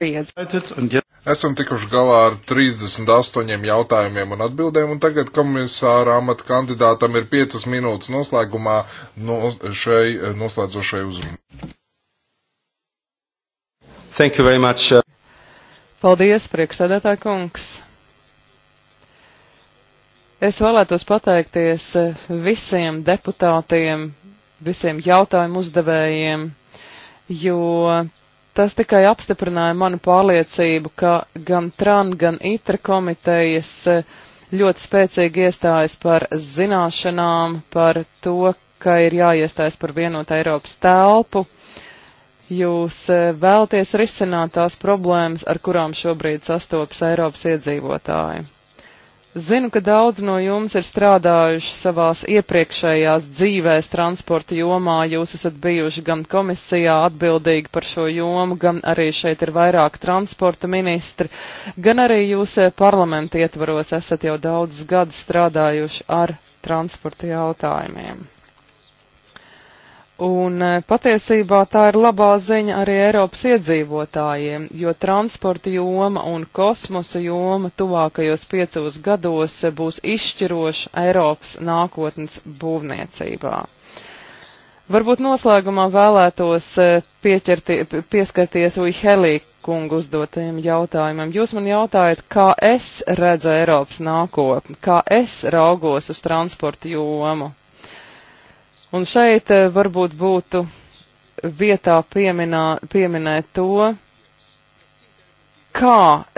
pieredzi. Esam tikuši galā ar 38 jautājumiem un atbildēm, un tagad komisāra amata kandidātam ir 5 minūtes noslēgumā no šai noslēdzošai uzrunai. Thank you very much. Uh, Paldies, priekšsēdētā kungs. Es vēlētos pateikties uh, visiem deputātiem, visiem jautājumu uzdevējiem, jo Tas tikai apstiprināja manu pārliecību, ka gan TRAN, gan ITRA komitejas eh, ļoti spēcīgi iestājas par zināšanām, par to, ka ir jāiestājas par vienotu Eiropas telpu. Jūs eh, vēlties risināt tās problēmas, ar kurām šobrīd sastopas Eiropas iedzīvotāji. Zinu, ka daudz no jums ir strādājuši savās iepriekšējās dzīvēs transporta jomā. Jūs esat bijuši gan komisijā atbildīgi par šo jomu, gan arī šeit ir vairāk transporta ministri, gan arī jūs eh, parlamenta ietvaros esat jau daudzus gadus strādājuši ar transporta jautājumiem. Un eh, patiesībā tā ir labā ziņa arī Eiropas iedzīvotājiem, jo transporta joma un kosmosa joma tuvākajos piecos gados eh, būs izšķiroša Eiropas nākotnes būvniecībā. Varbūt noslēgumā vēlētos eh, pieķerti, pieskarties Uihelī kungu uzdotajiem jautājumam. Jūs man jautājat, kā es redzu Eiropas nākotni, kā es raugos uz transporta jomu. Un šeit eh, varbūt būtu vietā pieminā, pieminēt to, kā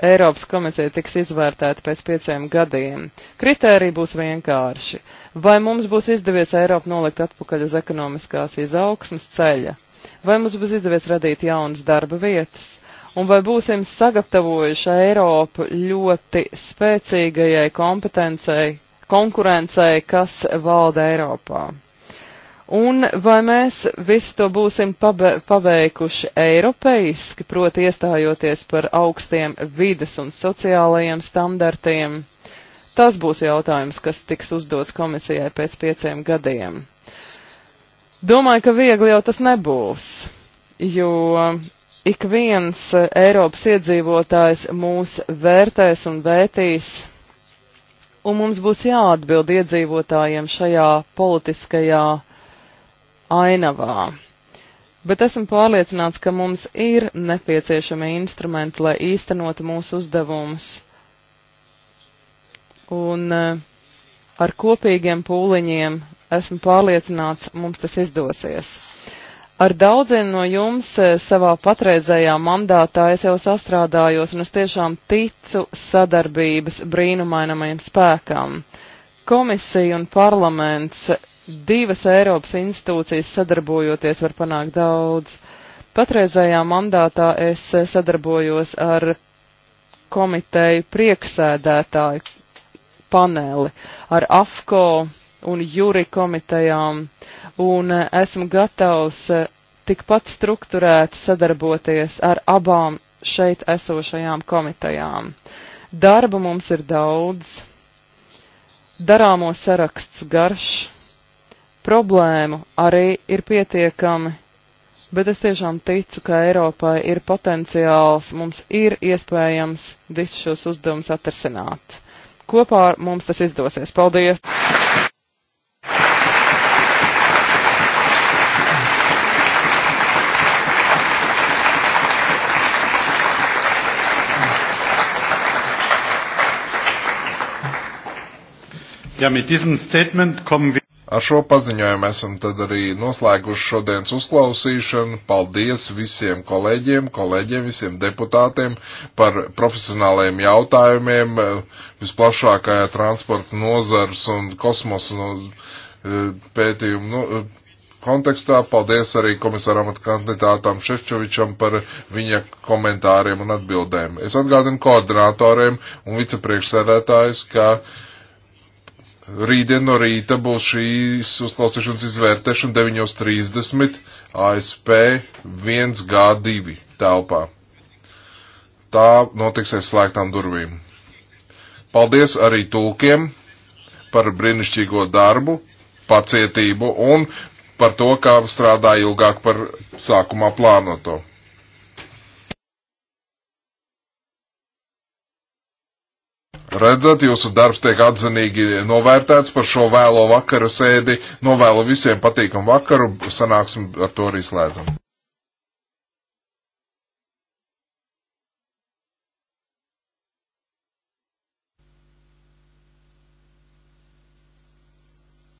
Eiropas komisija tiks izvērtēta pēc pieciem gadiem. Kritērija būs vienkārši. Vai mums būs izdevies Eiropu nolikt atpakaļ uz ekonomiskās izaugsmas ceļa? Vai mums būs izdevies radīt jaunas darba vietas? Un vai būsim sagatavojuši Eiropu ļoti spēcīgajai kompetencei, konkurencei, kas valda Eiropā? Un vai mēs visu to būsim paveikuši eiropeiski, proti iestājoties par augstiem vides un sociālajiem standartiem? Tas būs jautājums, kas tiks uzdots komisijai pēc pieciem gadiem. Domāju, ka viegli jau tas nebūs, jo ik viens Eiropas iedzīvotājs mūs vērtēs un vērtīs un mums būs jāatbild iedzīvotājiem šajā politiskajā ainavā. Bet esmu pārliecināts, ka mums ir nepieciešami instrumenti, lai īstenotu mūsu uzdevumus. Un eh, ar kopīgiem pūliņiem esmu pārliecināts, mums tas izdosies. Ar daudziem no jums eh, savā patreizējā mandātā es jau sastrādājos un es tiešām ticu sadarbības brīnumainamajam spēkam. Komisija un parlaments divas Eiropas institūcijas sadarbojoties var panākt daudz. Patreizējā mandātā es sadarbojos ar komiteju prieksēdētāju paneli, ar AFCO un jūri komitejām, un esmu gatavs tikpat strukturēt sadarboties ar abām šeit esošajām komitejām. Darba mums ir daudz, darāmo saraksts garš problēmu arī ir pietiekami, bet es tiešām ticu, ka Eiropai ir potenciāls, mums ir iespējams visus šos uzdevumus atrasināt. Kopā ar mums tas izdosies. Paldies! Ja, mit diesem Statement kommen wir. Ar šo paziņojumu esam tad arī noslēguši šodienas uzklausīšanu. Paldies visiem kolēģiem, kolēģiem, visiem deputātiem par profesionālajiem jautājumiem visplašākajā transporta nozars un kosmosa no, nu, e, pētījumu no, nu, e, kontekstā. Paldies arī komisāram kandidātam Šefčovičam par viņa komentāriem un atbildēm. Es atgādinu koordinātoriem un vicepriekšsēdētājus, ka Rītdien no rīta būs šīs uzklausīšanas izvērtēšana 9.30 ASP 1G2 telpā. Tā notiks aiz slēgtām durvīm. Paldies arī tulkiem par brīnišķīgo darbu, pacietību un par to, kā strādāja ilgāk par sākumā plānoto. Redzat, jūsu darbs tiek atzinīgi novērtēts par šo vēlo vakara sēdi. Novēlu visiem patīkamu vakaru, sanāksim ar to arī slēdzam.